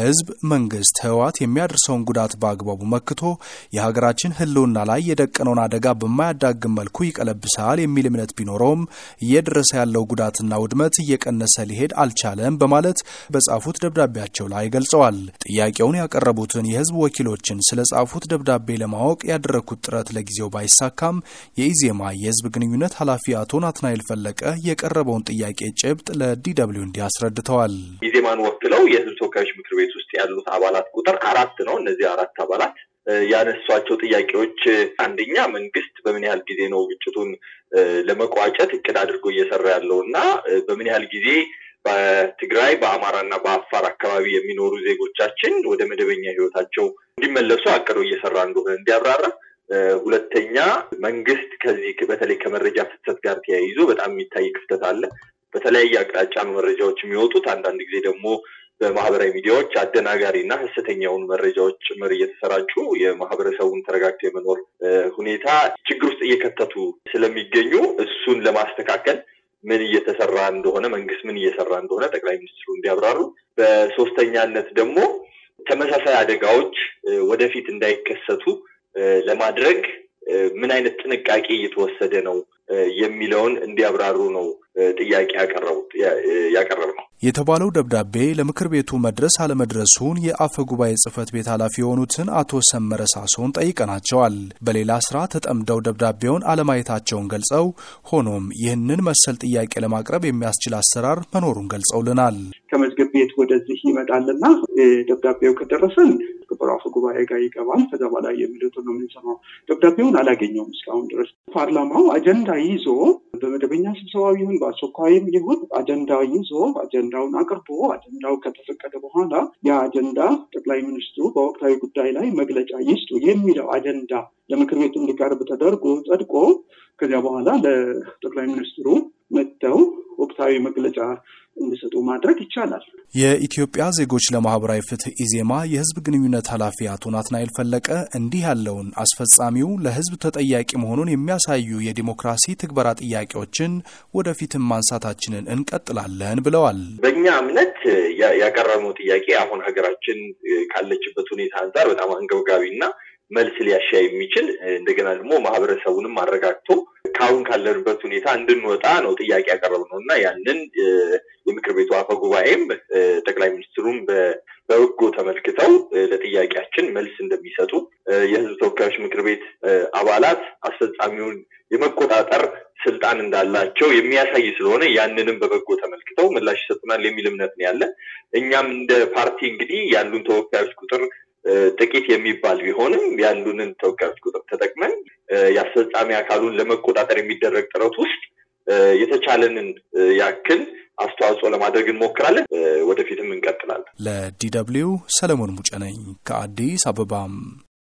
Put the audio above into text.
ህዝብ መንግስት ህወሓት የሚያደርሰውን ጉዳት በአግባቡ መክቶ የሀገራችን ህልውና ላይ የደቀነውን አደጋ በማያዳግም መልኩ ይቀለብሳል የሚል እምነት ቢኖረውም እየደረሰ ያለው ጉዳትና ውድመት እየቀነሰ ሊሄድ አልቻለም በማለት በጻፉት ደብዳቤያቸው ላይ ገልጸዋል። ጥያቄውን ያቀረቡትን የህዝብ ወኪሎችን ስለ ጻፉት ደብዳቤ ለማወቅ ያደረግኩት ጥረት ለጊዜው ባይሳካም የኢዜማ የህዝብ ግንኙነት ኃላፊ አቶ ናትናኤል ፈለቀ የቀረበውን ጥያቄ ጭብጥ ለዲ ደብልዩ እንዲህ አስረድተዋል። ኢዜማን ወክለው የህዝብ ተወካዮች ምክር ቤት ቤት ውስጥ ያሉት አባላት ቁጥር አራት ነው። እነዚህ አራት አባላት ያነሷቸው ጥያቄዎች አንደኛ መንግስት በምን ያህል ጊዜ ነው ግጭቱን ለመቋጨት እቅድ አድርጎ እየሰራ ያለው እና በምን ያህል ጊዜ በትግራይ በአማራና በአፋር አካባቢ የሚኖሩ ዜጎቻችን ወደ መደበኛ ህይወታቸው እንዲመለሱ አቅዶ እየሰራ እንደሆነ እንዲያብራራ ሁለተኛ መንግስት ከዚህ በተለይ ከመረጃ ፍሰት ጋር ተያይዞ በጣም የሚታይ ክፍተት አለ። በተለያየ አቅጣጫ መረጃዎች የሚወጡት አንዳንድ ጊዜ ደግሞ በማህበራዊ ሚዲያዎች አደናጋሪ እና ሀሰተኛ መረጃዎች ጭምር እየተሰራጩ የማህበረሰቡን ተረጋግቶ የመኖር ሁኔታ ችግር ውስጥ እየከተቱ ስለሚገኙ እሱን ለማስተካከል ምን እየተሰራ እንደሆነ መንግስት ምን እየሰራ እንደሆነ ጠቅላይ ሚኒስትሩ እንዲያብራሩ፣ በሶስተኛነት ደግሞ ተመሳሳይ አደጋዎች ወደፊት እንዳይከሰቱ ለማድረግ ምን አይነት ጥንቃቄ እየተወሰደ ነው የሚለውን እንዲያብራሩ ነው ጥያቄ ያቀረቡት ያቀረብ የተባለው ደብዳቤ ለምክር ቤቱ መድረስ አለመድረሱን የአፈ ጉባኤ ጽህፈት ቤት ኃላፊ የሆኑትን አቶ ሰመረ ሳሶን ጠይቀናቸዋል። በሌላ ስራ ተጠምደው ደብዳቤውን አለማየታቸውን ገልጸው ሆኖም ይህንን መሰል ጥያቄ ለማቅረብ የሚያስችል አሰራር መኖሩን ገልጸውልናል። ከመዝገብ ቤት ወደዚህ ይመጣልና ደብዳቤው ከደረሰን ክቡር አፈ ጉባኤ ጋር ይገባል። ከዛ በኋላ የሚሉት ነው የምንሰማው። ደብዳቤውን አላገኘውም እስካሁን ድረስ ፓርላማው አጀንዳ ይዞ በመደበኛ ስብሰባ ይሁን በአስቸኳይም ይሁን አጀንዳ ይዞ አጀንዳውን አቅርቦ አጀንዳው ከተፈቀደ በኋላ ያ አጀንዳ ጠቅላይ ሚኒስትሩ በወቅታዊ ጉዳይ ላይ መግለጫ ይስጡ የሚለው አጀንዳ ለምክር ቤቱ እንዲቀርብ ተደርጎ ጸድቆ ከዚያ በኋላ ለጠቅላይ ሚኒስትሩ መጥተው ወቅታዊ መግለጫ እንዲሰጡ ማድረግ ይቻላል። የኢትዮጵያ ዜጎች ለማህበራዊ ፍትህ ኢዜማ የህዝብ ግንኙነት ኃላፊ አቶ ናትናኤል ፈለቀ እንዲህ ያለውን አስፈጻሚው ለህዝብ ተጠያቂ መሆኑን የሚያሳዩ የዲሞክራሲ ትግበራ ጥያቄዎችን ወደፊትም ማንሳታችንን እንቀጥላለን ብለዋል። በእኛ እምነት ያቀረብነው ጥያቄ አሁን ሀገራችን ካለችበት ሁኔታ አንጻር በጣም አንገብጋቢና መልስ ሊያሻ የሚችል እንደገና ደግሞ ማህበረሰቡንም አረጋግቶ ከአሁን ካለንበት ሁኔታ እንድንወጣ ነው ጥያቄ ነው እና ያንን የምክር ቤቱ አፈ ጉባኤም ጠቅላይ ሚኒስትሩም በበጎ ተመልክተው ለጥያቄያችን መልስ እንደሚሰጡ የህዝብ ተወካዮች ምክር ቤት አባላት አስፈጻሚውን የመቆጣጠር ስልጣን እንዳላቸው የሚያሳይ ስለሆነ ያንንም በበጎ ተመልክተው ምላሽ ይሰጡናል የሚል እምነት ነው ያለ። እኛም እንደ ፓርቲ እንግዲህ ያሉን ተወካዮች ቁጥር ጥቂት የሚባል ቢሆንም ያሉንን ተወካዮች ቁጥር ተጠቅመን የአስፈጻሚ አካሉን ለመቆጣጠር የሚደረግ ጥረት ውስጥ የተቻለንን ያክል አስተዋጽኦ ለማድረግ እንሞክራለን። ወደፊትም እንቀጥላለን። ለዲ ደብልዩ ሰለሞን ሙጨ ነኝ ከአዲስ አበባም